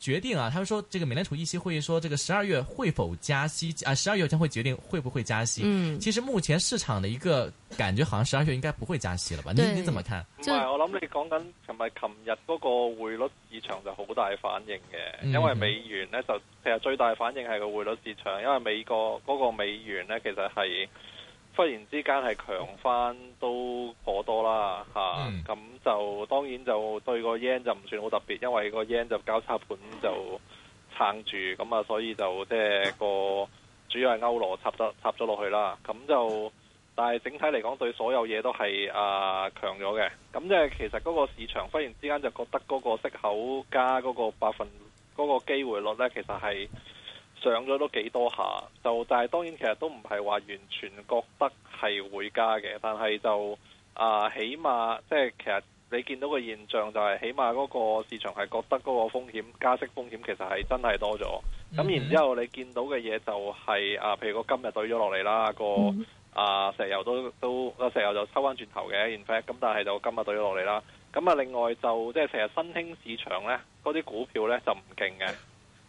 決定啊！他們說這個美聯儲議息會議說這個十二月會否加息啊？十二月將會決定會不會加息。嗯，其實目前市場的一個感覺好像十二月應該不會加息了吧？嗯，你你怎麼看？唔係，我諗你講緊琴日，琴日嗰個匯率市場就好大反應嘅，因為美元咧就其實最大反應係個匯率市場，因為美國嗰個美元咧其實係。忽然之間係強返都頗多啦嚇，咁、啊、就當然就對個 yen 就唔算好特別，因為個 yen 就交叉盤就撐住，咁啊所以就即係個主要係歐羅插得插咗落去啦。咁就但係整體嚟講對所有嘢都係啊強咗嘅。咁即係其實嗰個市場忽然之間就覺得嗰個息口加嗰個百分嗰、嗰個機會率呢，其實係。上咗都幾多下，就但係當然其實都唔係話完全覺得係會加嘅，但係就啊，起碼即係其實你見到嘅現象就係、是、起碼嗰個市場係覺得嗰個風險加息風險其實係真係多咗，咁、mm -hmm. 然之後你見到嘅嘢就係、是、啊，譬如個金日對咗落嚟啦，個、mm -hmm. 啊石油都都個石油就收翻轉頭嘅，in fact，咁但係就金日對咗落嚟啦，咁啊另外就即係成日新興市場咧嗰啲股票咧就唔勁嘅。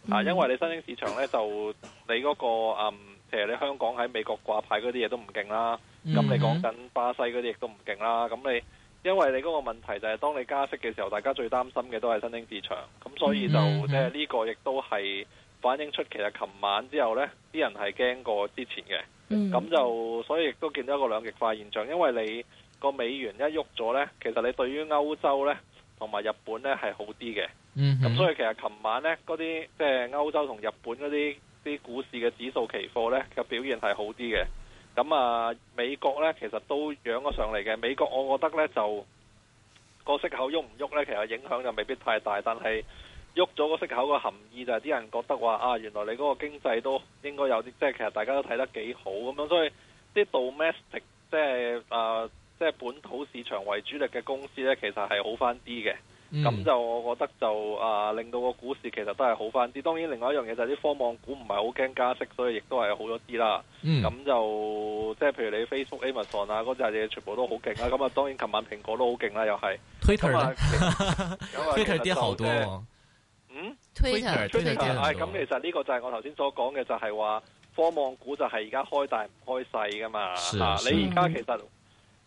Mm -hmm. 啊，因為你新興市場咧就你嗰、那個嗯，其實你香港喺美國掛牌嗰啲嘢都唔勁啦，咁、mm -hmm. 你講緊巴西嗰啲亦都唔勁啦，咁你因為你嗰個問題就係當你加息嘅時候，大家最擔心嘅都係新興市場，咁所以就即係呢、mm -hmm. 個亦都係反映出其實琴晚之後咧，啲人係驚過之前嘅，咁、mm -hmm. 就所以亦都見到一個兩極化現象，因為你個美元一喐咗咧，其實你對於歐洲咧。同埋日本呢係好啲嘅，咁、嗯、所以其實琴晚呢嗰啲即係歐洲同日本嗰啲啲股市嘅指數期貨呢，嘅表現係好啲嘅。咁啊美國呢其實都揚咗上嚟嘅。美國我覺得呢，就、個息口喐唔喐呢，其實影響就未必太大。但係喐咗個息口嘅含義，就係啲人覺得話啊，原來你嗰個經濟都應該有啲，即係其實大家都睇得幾好咁樣。所以啲 domestic 即、就、係、係呃即係本土市場為主力嘅公司咧，其實係好返啲嘅。咁、嗯、就我覺得就啊，令到個股市其實都係好返啲。當然，另外一樣嘢就係啲科網股唔係好驚加息，所以亦都係好咗啲啦。咁、嗯、就即係譬如你 Facebook、Amazon 啊嗰隻嘢，全部都好勁啦。咁啊，當然琴晚蘋果都好勁啦，又係 Twitter 啊，Twitter 跌好多。嗯，Twitter 咁其實呢個就係我頭先所講嘅，就係話科網股就係而家開大唔開細噶嘛。你而家其實。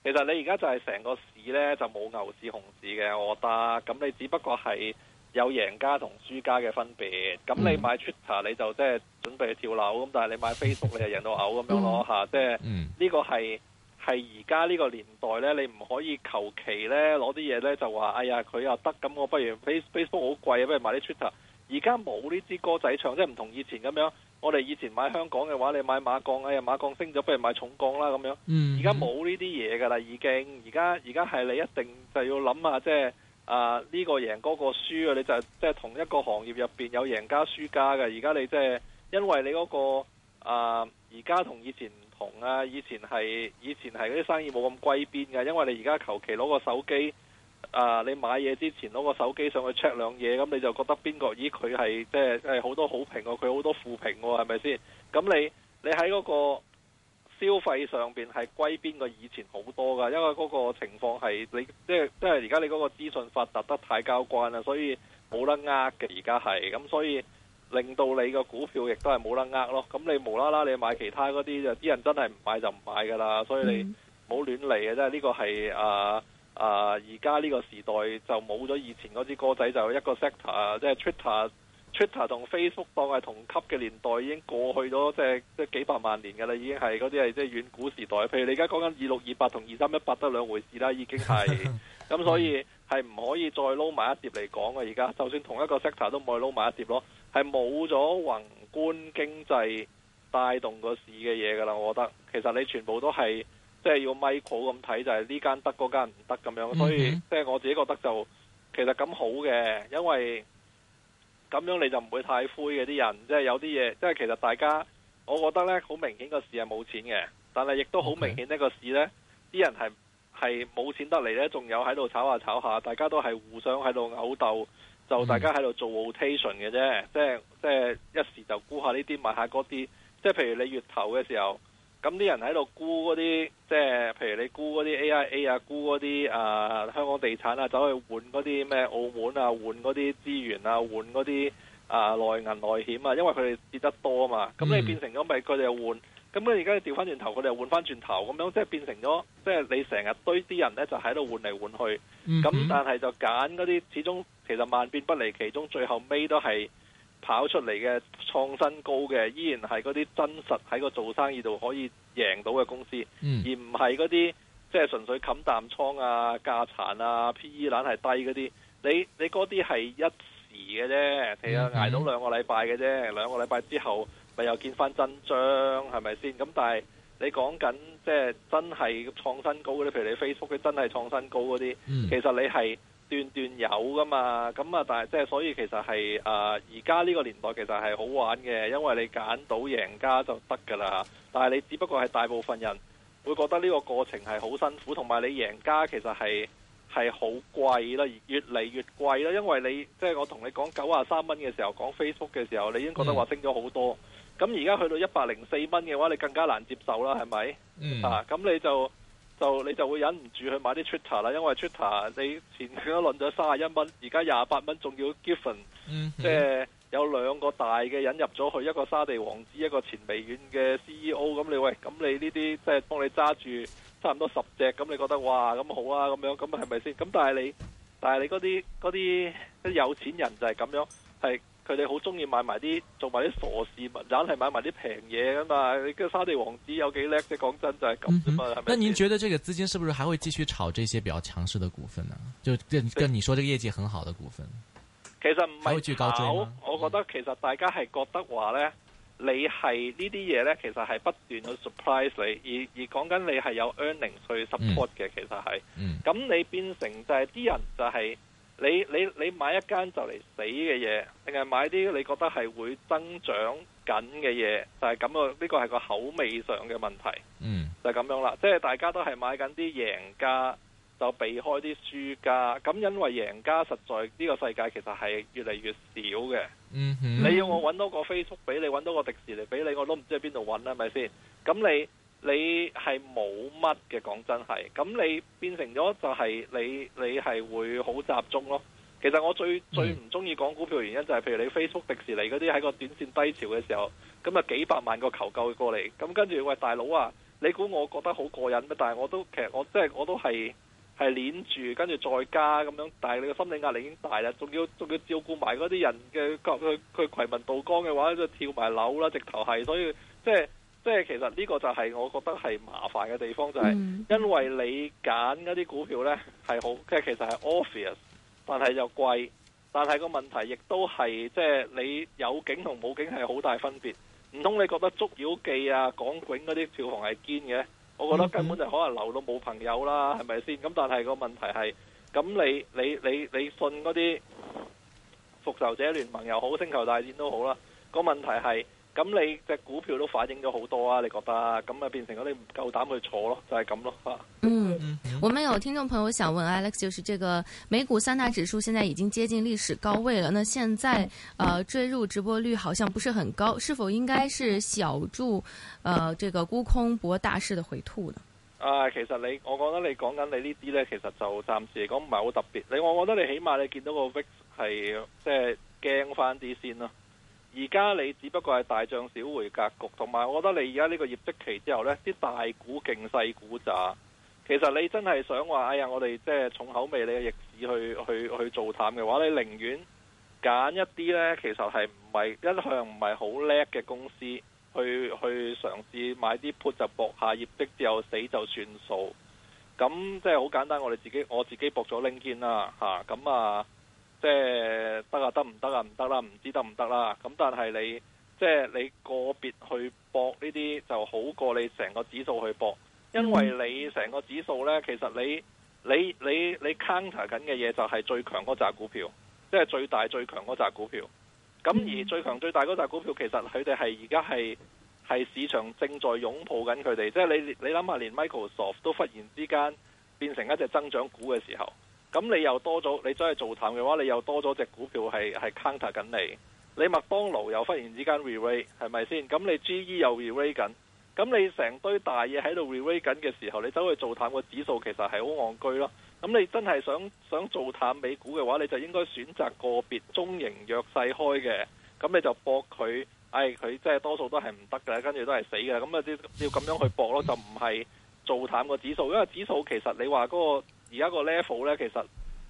其實你而家就係成個市呢，就冇牛市熊市嘅，我覺得，咁你只不過係有贏家同輸家嘅分別。咁你買 Twitter 你就即係準備去跳樓，咁但係你買 Facebook 你又贏到嘔咁樣咯吓，即係呢個係係而家呢個年代呢，你唔可以求其呢攞啲嘢呢，就話哎呀佢又得咁，我不如 Face Facebook 好貴啊，不如買啲 Twitter。而家冇呢支歌仔唱，即係唔同以前咁樣。我哋以前買香港嘅話，你買馬鋼，哎呀馬鋼升咗，不如買重鋼啦咁樣。而家冇呢啲嘢㗎啦，已經。而家而家係你一定就要諗下，即係啊呢個贏嗰個輸啊，你就係即係同一個行業入邊有贏家輸家嘅。而家你即係因為你嗰個啊，而家同以前唔同啊，以前係以前係嗰啲生意冇咁貴邊㗎，因為你而家求其攞個手機。啊！你買嘢之前攞個手機上去 check 兩嘢，咁你就覺得邊個？咦，佢係即係係好多好評喎，佢好多負評喎，係咪先？咁你你喺嗰個消費上邊係歸邊個以前好多噶？因為嗰個情況係你即係即係而家你嗰個資訊發達得太交關啦，所以冇得呃嘅。而家係咁，所以令到你個股票亦都係冇得呃咯。咁你無啦啦，你買其他嗰啲，就啲人真係唔買就唔買噶啦。所以你冇亂嚟嘅，即係呢個係啊～啊、呃！而家呢個時代就冇咗以前嗰支歌仔，就一個 sector，即係 Twitter、Twitter 同 Facebook 當係同級嘅年代已經過去咗，即係即係幾百萬年㗎啦，已經係嗰啲係即係遠古時代。譬如你而家講緊二六二八同二三一八都兩回事啦，已經係咁、 嗯，所以係唔可以再撈埋一碟嚟講啊。而家就算同一個 sector 都唔可以撈埋一碟咯，係冇咗宏觀經濟帶動個市嘅嘢㗎啦。我覺得其實你全部都係。即係要咪 i 咁睇，就係呢間得，嗰間唔得咁樣，所以、mm -hmm. 即係我自己覺得就其實咁好嘅，因為咁樣你就唔會太灰嘅啲人，即係有啲嘢，即係其實大家，我覺得呢，好明顯個市係冇錢嘅，但係亦都好明顯呢個市呢，啲、okay. 人係係冇錢得嚟呢。仲有喺度炒下炒下，大家都係互相喺度毆鬥，就大家喺度做 rotation 嘅啫，即係即係一時就估下呢啲買下嗰啲，即係譬如你月頭嘅時候。咁啲人喺度沽嗰啲，即係譬如你沽嗰啲 AIA 啊，沽嗰啲啊香港地產啊，走去換嗰啲咩澳門啊，換嗰啲資源啊，換嗰啲啊內銀內險啊，因為佢哋跌得多啊嘛，咁你變成咗咪佢哋又換，咁、mm -hmm. 你而家調翻轉頭，佢哋又換翻轉頭，咁樣即係變成咗，即係你成日堆啲人咧就喺度換嚟換去，咁、mm -hmm. 但係就揀嗰啲，始終其實萬變不離其宗，最後尾都係。跑出嚟嘅創新高嘅，依然係嗰啲真實喺個做生意度可以贏到嘅公司，嗯、而唔係嗰啲即係純粹冚淡倉啊、價殘啊、P/E 冷係低嗰啲。你你嗰啲係一時嘅啫，係、嗯、啊，捱到兩個禮拜嘅啫，兩個禮拜之後咪又見返真章，係咪先？咁但係你講緊即係真係創新高嗰啲，譬如你 Facebook，佢真係創新高嗰啲、嗯，其實你係。段段有噶嘛，咁啊，但係即係所以其實係誒，而家呢個年代其實係好玩嘅，因為你揀到贏家就得㗎啦。但係你只不過係大部分人會覺得呢個過程係好辛苦，同埋你贏家其實係係好貴啦，越嚟越貴啦，因為你即係我同你講九十三蚊嘅時候，講 Facebook 嘅時候，你已經覺得話升咗好多。咁而家去到一百零四蚊嘅話，你更加難接受啦，係咪？嗯、啊。咁你就。就你就會忍唔住去買啲 Twitter 啦，因為 Twitter 你前幾日輪咗三十一蚊，而家廿八蚊，仲要 given，即係有兩個大嘅引入咗去，一個沙地王子，一個前微軟嘅 CEO，咁你喂，咁你呢啲即係幫你揸住差唔多十隻，咁你覺得嘩，咁好啊，咁樣，咁係咪先？咁但係你，但係你嗰啲嗰啲有錢人就係咁樣，係。佢哋好中意買埋啲做埋啲傻事，硬係買埋啲平嘢啊嘛！你個沙地王子有幾叻？即講真就係咁啫嘛。嗯嗯是是那您覺得這個資金是不是還會繼續炒這些比較強勢的股份呢、啊？就跟跟你說，這個業績很好的股份，其實唔係炒。我覺得其實大家係覺得話咧，你係呢啲嘢咧，其實係不斷去 surprise 你，而而講緊你係有 earning 去 support 嘅、嗯。其實係，咁、嗯、你變成就係、是、啲人就係、是。你你你買一間就嚟死嘅嘢，定係買啲你覺得係會增長緊嘅嘢，就係咁啊！呢個係個口味上嘅問題，嗯，就係咁樣啦。即係大家都係買緊啲贏家，就避開啲輸家。咁因為贏家實在呢個世界其實係越嚟越少嘅。嗯，你要我揾到個 Facebook 俾你，揾到個迪士尼俾你，我都唔知喺邊度揾啦，係咪先？咁你。你係冇乜嘅，講真係咁，你變成咗就係你你係會好集中咯。其實我最、嗯、最唔中意講股票嘅原因就係、是，譬如你 Facebook、迪士尼嗰啲喺個短線低潮嘅時候，咁啊幾百萬個求救過嚟，咁跟住喂大佬啊，你估我覺得好過癮咩？但係我都其實我即係我都係係諗住，跟住再加咁樣。但係你個心理壓力已經大啦，仲要仲要照顧埋嗰啲人嘅佢佢羣民倒江嘅話，就跳埋樓啦，直頭係，所以即係。即係其實呢個就係我覺得係麻煩嘅地方，就係因為你揀嗰啲股票呢係好，即係其實係 obvious，但係又貴，但係個問題亦都係即係你有景同冇景係好大分別。唔通你覺得《捉妖記》啊、港囧嗰啲票房係堅嘅？我覺得根本就可能留到冇朋友啦，係咪先？咁但係個問題係，咁你你你,你信嗰啲《復仇者聯盟》又好，《星球大戰》都好啦，個問題係。咁你隻股票都反映咗好多啊，你覺得啊？咁啊變成咗你唔夠膽去坐咯，就係咁咯。嗯，我們有聽眾朋友想問 Alex，就是這個美股三大指數現在已經接近歷史高位了，那現在，呃，追入值博率好像不是很高，是否應該是小注，呃，這個沽空博大市的回吐呢？啊，其實你，我覺得你講緊你呢啲咧，其實就暫時嚟講唔係好特別。你我覺得你起碼你見到個 Vix 係即係驚返啲先咯。而家你只不過係大漲小回格局，同埋我覺得你而家呢個業績期之後呢啲大股勁細股咋。其實你真係想話，哎呀，我哋即係重口味你逆市去去去做淡嘅話，你寧願揀一啲呢，其實係唔係一向唔係好叻嘅公司，去去嘗試買啲 put 就搏下業績，之後死就算數。咁即係好簡單，我哋自己我自己搏咗拎肩啦，嚇咁啊！即係得啊，得唔得啊？唔得啦，唔知得唔得啦。咁但係你即係你個別去搏呢啲，就好過你成個指數去搏，因為你成個指數呢，其實你你你你 counter 緊嘅嘢就係最強嗰扎股票，即係最大最強嗰扎股票。咁而最強最大嗰扎股票，其實佢哋係而家係市場正在擁抱緊佢哋。即係你你諗下，連 Microsoft 都忽然之間變成一隻增長股嘅時候。咁你又多咗，你走去做淡嘅話，你又多咗隻股票係係 counter 緊你。你麥當勞又忽然之間 rerate，係咪先？咁你 GE 又 rerate 緊，咁你成堆大嘢喺度 rerate 緊嘅時候，你走去做淡個指數其實係好戇居咯。咁你真係想想做淡美股嘅話，你就應該選擇個別中型弱勢開嘅，咁你就搏佢，唉、哎，佢即係多數都係唔得嘅，跟住都係死嘅。咁啊，要咁樣去搏咯，就唔係做淡個指數，因為指數其實你話嗰、那個。而家個 level 咧，其實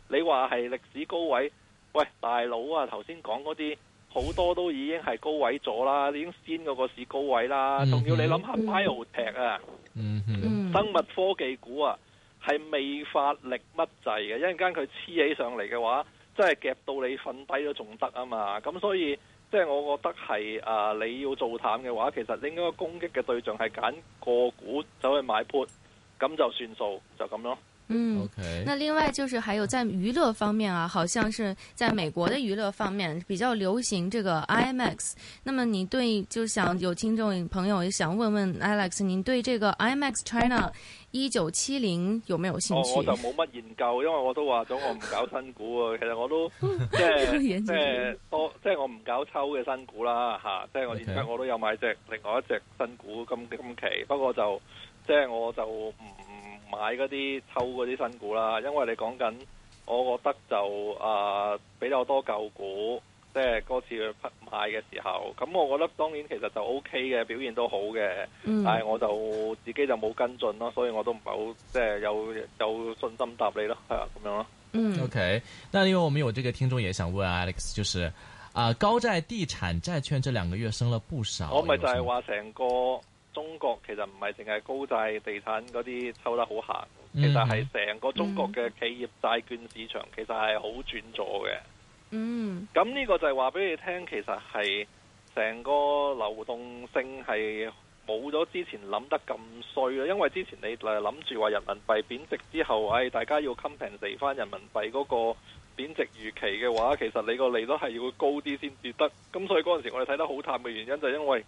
你話係歷史高位，喂大佬啊！頭先講嗰啲好多都已經係高位咗啦，已經先過個市高位啦。仲、嗯、要你諗下 bio tech 啊，嗯嗯，生物科技股啊，係未發力乜滯嘅。一陣間佢黐起上嚟嘅話，真係夾到你瞓低都仲得啊嘛。咁所以即係、就是、我覺得係誒、啊、你要做淡嘅話，其實你應該攻擊嘅對象係揀個股走去買 put 咁就算數，就咁咯。嗯，okay. 那另外就是還有在娛樂方面啊，好像是在美國的娛樂方面比較流行這個 IMAX。那麼你對就想有聽眾朋友也想問問 Alex，你對這個 IMAX China 一九七零有沒有興趣？我就冇乜研究，因為我都話咗我唔搞新股啊。 其實我都即係即係，我即係我唔搞抽嘅新股啦，吓、啊。Okay. 即係我最近我都有買隻另外一隻新股金金期，不過就即係我就唔。買嗰啲抽嗰啲新股啦，因為你講緊，我覺得就、呃、比較多舊股，即係嗰次去賣嘅時候，咁我覺得當年其實就 O K 嘅，表現都好嘅，但係我就自己就冇跟進咯，所以我都唔係好即係有有信心答你咯，係啊，咁樣咯。嗯，OK，那因為我們有這個聽眾也想問、啊、Alex，就是啊、呃、高債地產債券這兩個月升了不少，我咪就係話成個。中國其實唔係淨係高債地產嗰啲抽得好閒，其實係成個中國嘅企業債券市場其實係好轉咗嘅。嗯，咁、嗯、呢個就係話俾你聽，其實係成個流動性係冇咗之前諗得咁衰啦。因為之前你誒諗住話人民幣貶值之後，誒、哎、大家要 compensate 翻人民幣嗰個貶值預期嘅話，其實你個利率係要高啲先跌得。咁所以嗰陣時我哋睇得好淡嘅原因就係因為。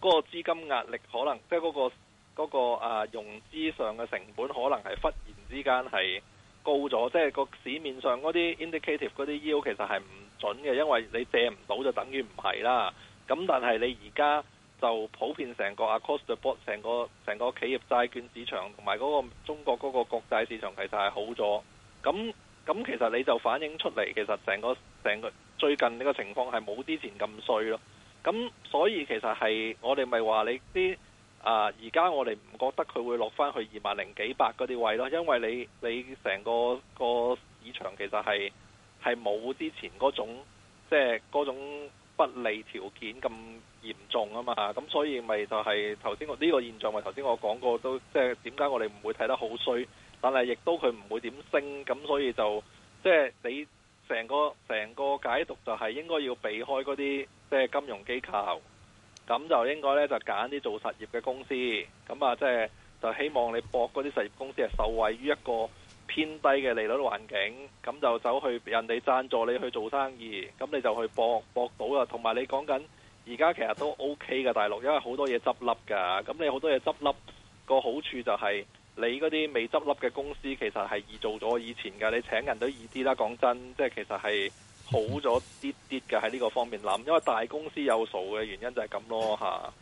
嗰個資金壓力可能，即係嗰個嗰個啊融資上嘅成本可能係忽然之間係高咗，即係個市面上嗰啲 indicative 嗰啲 yield 其實係唔準嘅，因為你借唔到就等於唔係啦。咁但係你而家就普遍成個啊 across the board 成個成個企業債券市場同埋嗰個中國嗰個國債市場其實係好咗。咁咁其實你就反映出嚟，其實成個成個最近呢個情況係冇之前咁衰咯。咁所以其實係我哋咪話你啲啊，而家我哋唔覺得佢會落翻去二萬零幾百嗰啲位咯，因為你你成個個市場其實係係冇之前嗰種即係嗰種不利條件咁嚴重啊嘛，咁所以咪就係頭先我呢個現象咪頭先我講過都即係點解我哋唔會睇得好衰，但係亦都佢唔會點升，咁所以就即係你。成個成個解讀就係應該要避開嗰啲即係金融機構，咁就應該呢，就揀啲做實業嘅公司，咁啊即係、就係、就希望你博嗰啲實業公司係受惠於一個偏低嘅利率嘅環境，咁就走去人哋贊助你去做生意，咁你就去博博到啦。同埋你講緊而家其實都 OK 嘅大陸，因為好多嘢執笠㗎，咁你好多嘢執笠個好處就係、係。你嗰啲未執笠嘅公司其實係易做咗以前嘅，你請人都易啲啦。講真，即係其實係好咗啲啲嘅喺呢個方面諗，因為大公司有數嘅原因就係咁咯吓，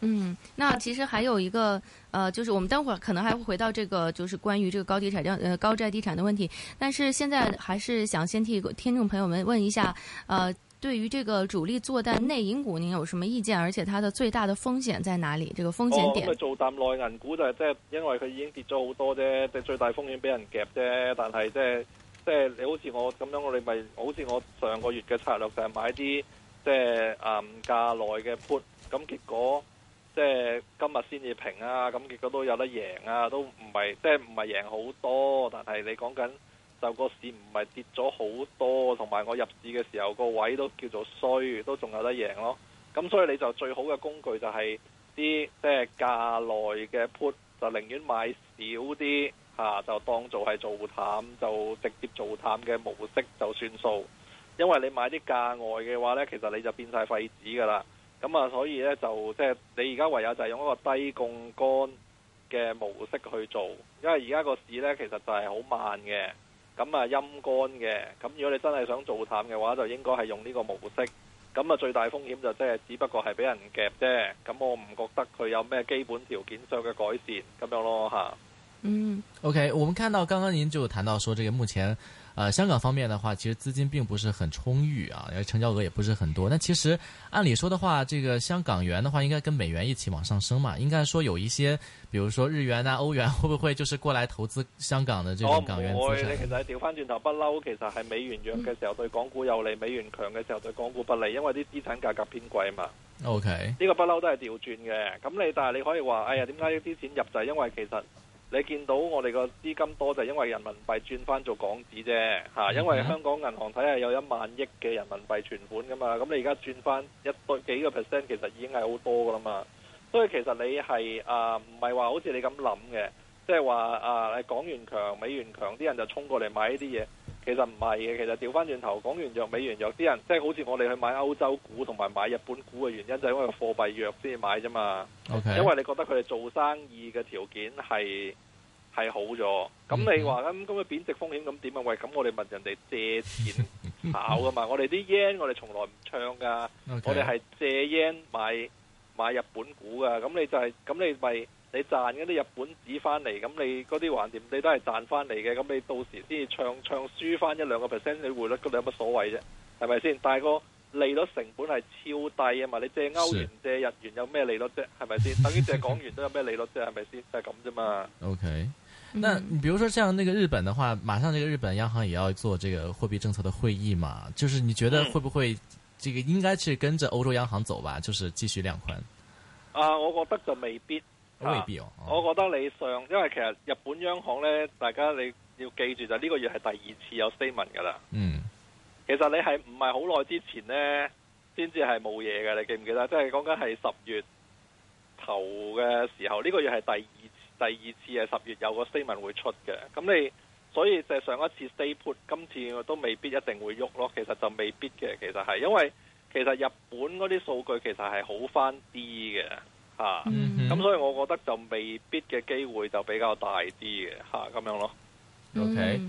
嗯，那其實還有一個，呃，就是我們等會可能還會回到這個，就是關於這個高地產、高呃高債地產嘅問題。但是現在還是想先替聽眾朋友們問一下，呃。對於這個主力做淡內銀股，您有什麼意見？而且它的最大的風險在哪裏？這個風險點？我、哦、做淡內銀股就係即係，因為佢已經跌咗好多啫，即最大風險俾人夾啫。但係即係即係，你好似我咁樣，我哋咪好似我上個月嘅策略就係買啲即係誒價內嘅 put，咁結果即係、就是、今日先至平啊，咁結果都有得贏啊，都唔係即係唔係贏好多，但係你講緊。就個市唔係跌咗好多，同埋我入市嘅時候個位都叫做衰，都仲有得贏咯。咁所以你就最好嘅工具就係啲即係價內嘅 put，就寧願買少啲吓、啊，就當做係做淡，就直接做淡嘅模式就算數。因為你買啲價外嘅話呢，其實你就變晒廢紙㗎啦。咁啊，所以呢，就即、係、係你而家唯有就係用一個低槓桿嘅模式去做，因為而家個市呢，其實就係好慢嘅。咁啊陰乾嘅咁，如果你真係想做淡嘅話，就應該係用呢個模式咁啊。最大風險就即係只不過係俾人夾啫。咁我唔覺得佢有咩基本條件上嘅改善咁樣咯吓。嗯，OK，我們看到剛剛您就談到說，這個目前。呃，香港方面的話，其實資金並不是很充裕啊，因為成交額也不是很多。那其實按理說的話，這個香港元的話，應該跟美元一起往上升嘛。應該說有一些，比如說日元啊、歐元，會不會就是過來投資香港的這種港元資產？哦，唔會，你其實調翻轉頭不嬲，其實係美元弱嘅時候對港股有利，美元強嘅時候對港股不利，因為啲資產價格偏貴嘛。OK，呢個不嬲都係調轉嘅。咁你但係你可以話，哎呀，點解啲錢入就係、是、因為其實。你見到我哋個資金多就係因為人民幣轉翻做港紙啫，吓，因為香港銀行睇下有一萬億嘅人民幣存款噶嘛，咁你而家轉翻一多幾個 percent，其實已經係好多噶啦嘛。所以其實你係啊，唔係話好似你咁諗嘅，即係話啊，港元強、美元強，啲人就衝過嚟買呢啲嘢。其實唔係嘅，其實調翻轉頭講完弱美元弱人，啲人即係好似我哋去買歐洲股同埋買日本股嘅原因，就係因為貨幣弱先至買啫嘛。Okay. 因為你覺得佢哋做生意嘅條件係係好咗，咁你話咁咁嘅貶值風險咁點啊？喂，咁我哋問人哋借錢炒噶嘛？ 我哋啲 yen 我哋從來唔唱噶，Okay. 我哋係借 yen 買買日本股噶。咁你就係咁你咪？你賺嗰啲日本紙翻嚟，咁你嗰啲橫掂，你都係賺翻嚟嘅。咁你到時先唱唱輸翻一兩個 percent，你匯率嗰度有乜所謂啫？係咪先？但係個利率成本係超低啊嘛！你借歐元、借日元有咩利率啫？係咪先？ 等於借港元都有咩利率啫？係咪先？就係咁啫嘛。OK，那，你比如說，像那個日本的話，馬上這個日本央行也要做這個貨幣政策的會議嘛？就是你覺得會不會，這個應該是跟着歐洲央行走吧？就是繼續量寬。嗯。啊，我覺得就未必。啊、我覺得你上，因為其實日本央行呢，大家你要記住就呢個月係第二次有 statement 噶啦。嗯，其實你係唔係好耐之前呢，先至係冇嘢嘅。你記唔記得？即係講緊係十月頭嘅時候，呢個月係第二次第二次係十月有個 statement 會出嘅。咁你所以就係上一次 stay put 今次都未必一定會喐咯。其實就未必嘅。其實係因為其實日本嗰啲數據其實係好翻啲嘅。啊、嗯，咁所以我覺得就未必嘅機會就比較大啲嘅吓，咁樣咯。OK，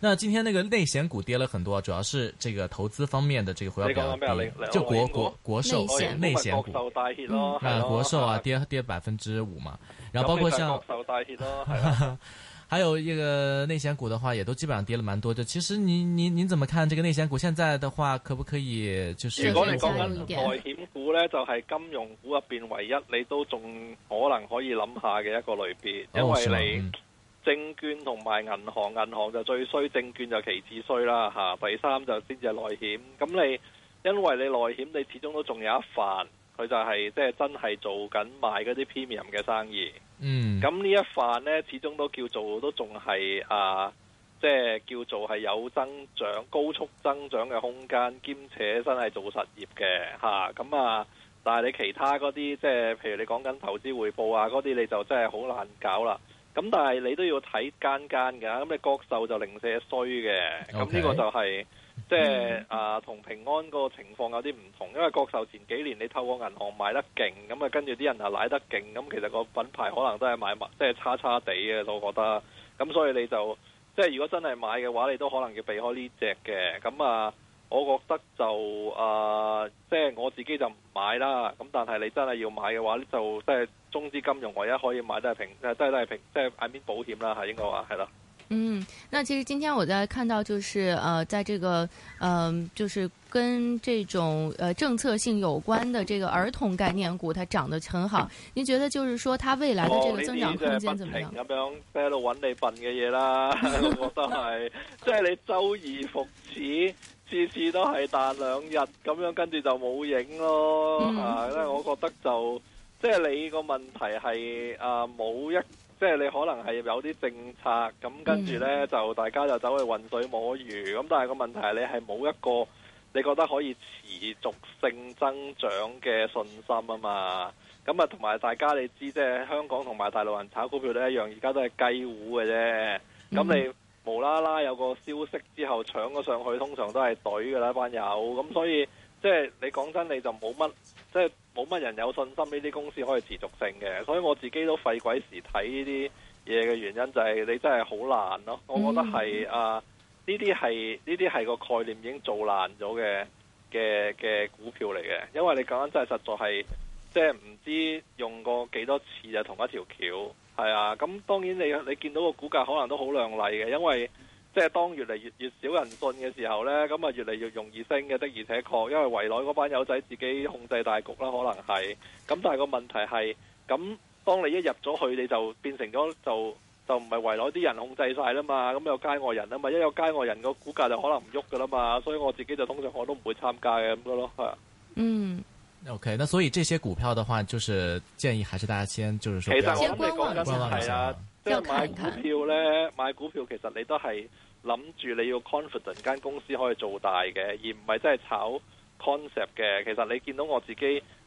那今天那個內險股跌了很多，主要是這個投資方面的這個回報比較低，了就國國國壽內險內險股大跌咯，嗯，國壽啊跌跌百分之五嘛，然後包括像大跌咯。 還有一個內險股的話，也都基本上跌了蠻多。就其實你你你怎麼看這個內險股？現在的話可不可以就是？如果你講緊內險股咧就係、是、金融股入邊唯一你都仲可能可以諗下嘅一個類別，因為你證券同埋銀行，銀行就最衰，證券就其次衰啦吓。第三就先至係內險。咁你因為你內險，你始終都仲有一份，佢就係即係真係做緊賣嗰啲 premium 嘅生意。嗯，咁呢一範呢，始終都叫做都仲係啊，即、就、係、是、叫做係有增長、高速增長嘅空間，兼且真係做實業嘅吓，咁啊，但係你其他嗰啲即係，譬如你講緊投資回報啊，嗰啲你就真係好難搞啦。咁但係你都要睇間間噶，咁你國壽就零舍衰嘅，咁呢個就係、是。Okay. 即係啊，同、呃、平安個情況有啲唔同，因為國壽前幾年你透過銀行買得勁，咁、嗯、啊跟住啲人啊買得勁，咁、嗯、其實個品牌可能都係買物，即、就、係、是、差差地嘅，我覺得。咁所以你就即係、就是、如果真係買嘅話，你都可能要避開呢隻嘅。咁啊，我覺得就啊，即、呃、係、就是、我自己就唔買啦。咁但係你真係要買嘅話，就即係、就是、中資金融唯一可以買都係、就是、平，即係都係平，即、就、係、是、I mean, 保險啦，係應該話係啦。嗯，那其實今天我在看到，就是呃，在這個，嗯、呃，就是跟這種呃政策性有關的這個兒童概念股，它漲得很好。您覺得就是說它未來的這個增長空間怎麼樣？有呢即係不停咁樣喺度搵你笨嘅嘢啦， 我都係，即係你周而復始，次次都係彈兩日，咁樣跟住就冇影咯。嗯、啊，因為我覺得就，即係你個問題係啊冇一。即係你可能係有啲政策，咁跟住呢，mm -hmm. 就大家就走去混水摸魚，咁但係個問題係你係冇一個你覺得可以持續性增長嘅信心啊嘛。咁啊同埋大家你知即係香港同埋大陸人炒股票都一樣，而家都係雞糊嘅啫。咁、mm -hmm. 你無啦啦有個消息之後搶咗上去，通常都係隊㗎啦，班友。咁所以即係你講真你就冇乜。即係冇乜人有信心呢啲公司可以持續性嘅，所以我自己都費鬼時睇呢啲嘢嘅原因就係你真係好難咯、哦。我覺得係、mm -hmm. 啊，呢啲係呢啲係個概念已經做爛咗嘅嘅嘅股票嚟嘅，因為你講緊真係實在係即係唔知用過幾多次就同一條橋係啊。咁當然你你見到個股價可能都好亮麗嘅，因為。即係當越嚟越越少人信嘅時候咧，咁啊越嚟越容易升嘅，的而且確，因為圍內嗰班友仔自己控制大局啦，可能係。咁但係個問題係，咁當你一入咗去，你就變成咗就就唔係圍內啲人控制晒啦嘛，咁有街外人啊嘛，一有街外人個股價就可能唔喐噶啦嘛，所以我自己就通常我都唔會參加嘅咁嘅咯，嗯 ，OK，那所以這些股票的話，就是建議，還是大家先就是說。其實我今日講緊係啊，即係、就是、買股票咧，買股票其實你都係。諗住你要 confident 間公司可以做大嘅，而唔係真係炒 concept 嘅。其實你見到我自己，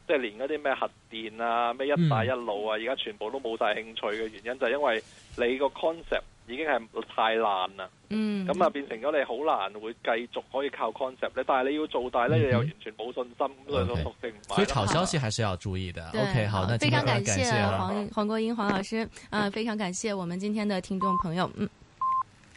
即係連嗰啲咩核電啊、咩一帶一路啊，而家全部都冇晒興趣嘅原因，嗯、就係、係、因為你個 concept 已經係太爛啦。嗯，咁啊變成咗你好難會繼續可以靠 concept 咧。但係你要做大咧，你又完全冇信心，所以，所，okay, 所以炒消息還是要注意嘅，嘅。OK，好，好那非常感謝黃黃國英黃老師。嗯、呃，非常感謝我們今天的聽眾朋友。嗯。